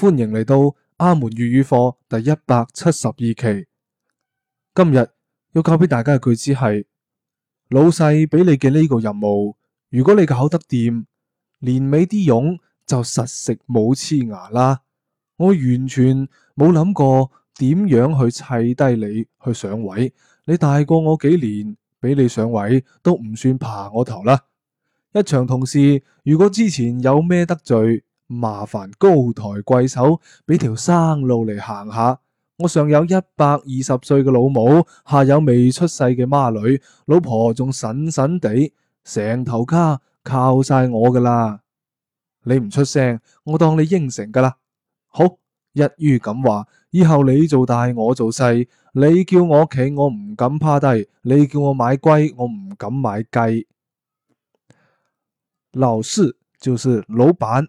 歡迎嚟到阿門粵語課第一百七十二期。今日要教俾大家嘅句子係：老細俾你嘅呢個任務，如果你搞得掂，年尾啲傭就實食冇黐牙啦。我完全冇諗過點樣去砌低你去上位。你大過我幾年，俾你上位都唔算爬我頭啦。一場同事，如果之前有咩得罪，麻煩高抬貴手，畀條生路嚟行下。我上有一百二十歲嘅老母，下有未出世嘅孖女，老婆仲神神地，成頭家靠晒我噶啦。你唔出聲，我當你應承噶啦。好，一於咁話，以後你做大，我做細。你叫我企，我唔敢趴低；你叫我買龜，我唔敢買雞。」老世就是老闆。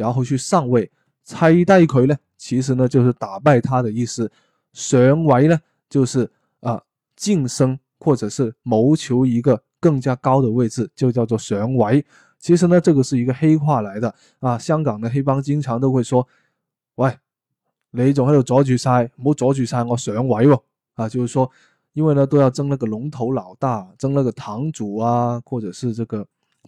然後去上位，取代佢呢？其實呢就是打敗他的意思。上位呢就是啊，晉升，或者是謀求一個更加高的位置，就叫做上位。其實呢這個是一個黑話來的啊。香港的黑幫經常都會說：“喂，你仲喺度阻住晒，唔好阻住晒我上位哦！”啊，就是說，因為呢都要爭那個龍頭老大，爭那個堂主啊，或者是這個。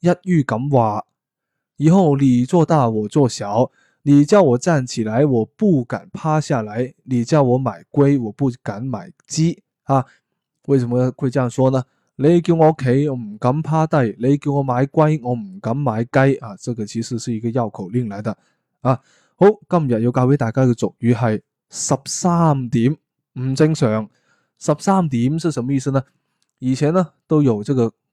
一於咁話，以後你做大我做小，你叫我站起來，我不敢趴下來；你叫我買龜，我不敢買雞。啊，為什麼會這樣說呢？你叫我企，我唔敢趴低；你叫我買龜，我唔敢買雞。啊，這個其實是一個繞口令嚟的。啊，好，今日要教俾大家嘅俗語係十三點唔正常。十三點是什麼意思呢？以前呢都有這個。